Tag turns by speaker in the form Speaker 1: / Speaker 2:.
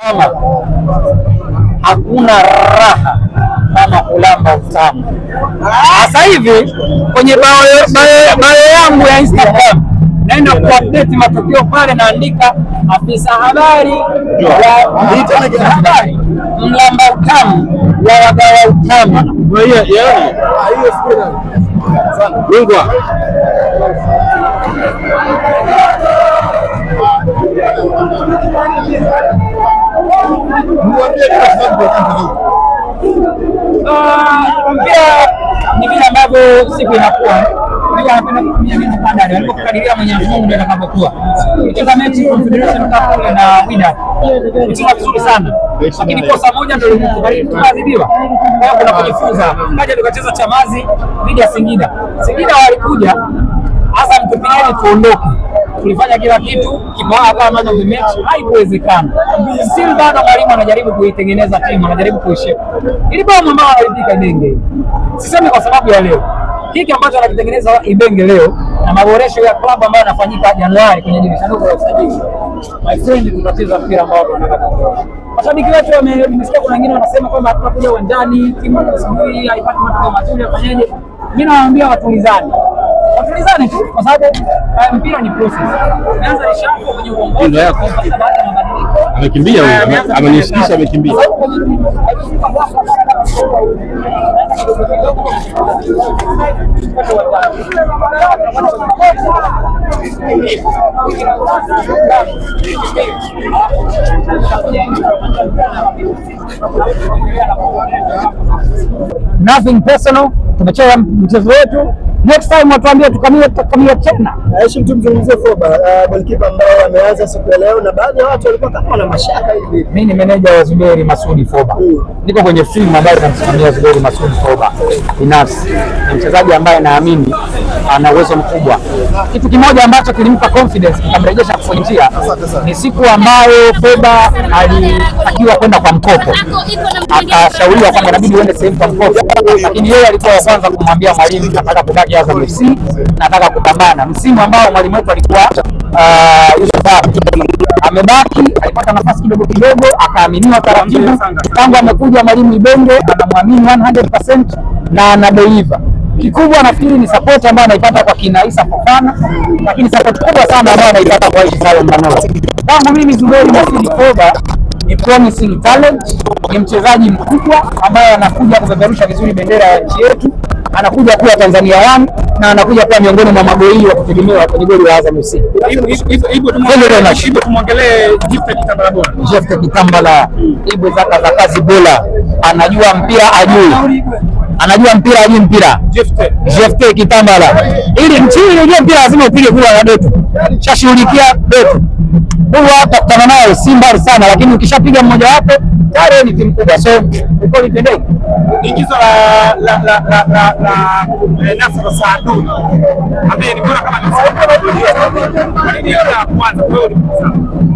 Speaker 1: Ama hakuna raha kama kulamba utamu. Sasa hivi kwenye bayo yangu ya Instagram naenda kuupdate matokeo pale, naandika afisa habari wa habari mlamba utamu wa wagawa utamu
Speaker 2: ah,
Speaker 1: Ah, ongea ni vile ambavyo siku inakuwa anapenda kutumia vitu bandari alipokadiria yaani Mwenyezi Mungu ndiyo atakavyokuwa. Kucheza mechi Confederation Cup na Wydad kucheza vizuri sana, lakini kosa moja ndiyo lilikubaliki, tukaadhibiwa. Kwa hiyo kuna kujifunza, kaja tukacheza Chamazi dhidi ya Singida. Singida walikuja hasa mtupigeni tuondoke, tulifanya kila kitu kibao kama man of the match haikuwezekana. Still bado mwalimu anajaribu kuitengeneza timu, anajaribu kuishape. Ili bao mama wanaipika Ibenge, sisemi kwa sababu ya leo, Kiki ambacho anakitengeneza Ibenge leo na maboresho ya klabu ambayo yanafanyika Januari kwenye dirisha dogo la usajili, my friend, tutacheza mpira ambao tunataka kuona. Mashabiki wetu wamesikia, kuna wengine wanasema kwamba hatunakuja uwanjani, timu ya Simba haipati matokeo mazuri, afanyaje? Mimi nawaambia watulizane Wakimbizane tu kwa sababu eh, mpira ni process. Ameanza Rishapo kwenye uongozi
Speaker 2: yako. Amekimbia huyo, eh, amenishikisha amekimbia.
Speaker 1: Nothing personal, tumecheza mchezo wetu next time watuambie tukamie tukamie tena. Heshima, eh, tumzungumzie Foba golikipa ah, ambao ameanza siku ya leo, na baadhi ya watu walikuwa kama wana mashaka hivi. Mimi ni meneja wa Zuberi Masudi Foba, mm. niko kwenye timu ambayo inamsimamia Zuberi Masudi Foba. Binafsi ni mchezaji ambaye naamini ana uwezo mkubwa. Kitu kimoja ambacho kilimpa confidence kikamrejesha kwenye njia ni siku ambayo Foba alitakiwa kwenda kwa mkopo, akashauriwa kwamba inabidi uende sehemu kwa mkopo, lakini yeye alikuwa wa kwanza kumwambia mwalimu, nataka kubaki Azam FC, nataka kupambana. Msimu ambao mwalimu wetu alikuwa uh, amebaki, alipata nafasi kidogo kidogo, akaaminiwa taratibu. Tangu amekuja mwalimu Ibenge, anamwamini 100% na anadeliver kikubwa nafikiri ni sapoti ambayo anaipata kwa kina Isa Fofana, lakini support kubwa sana ambayo anaipata kwa Aishi Salum Manula. Kwangu mimi Zuberi Masudi Koba ni promising talent, ni mchezaji mkubwa ambaye anakuja kupeperusha vizuri bendera ya nchi yetu anakuja kuwa Tanzania One na anakuja kuwa miongoni mwa magoli wa kutegemewa kwenye goli wa Azam FC.
Speaker 2: Jeff Kitambala, Ibwe zaka za kazi bora, anajua mpira ajui anajua mpira ajui mpira Jeff Kitambala, ili mchini unajua mpira lazima upige kura na Doto, shashughulikia Doto huwa kutana nayo si mbali sana, lakini ukishapiga mmoja wapo tayari ni timu kubwa, so uko litendeki ingizo la la la la la la eh, Nasser Saadun ambaye ni bora kama Nasser. Kwa nini ya kwanza wewe ulikusema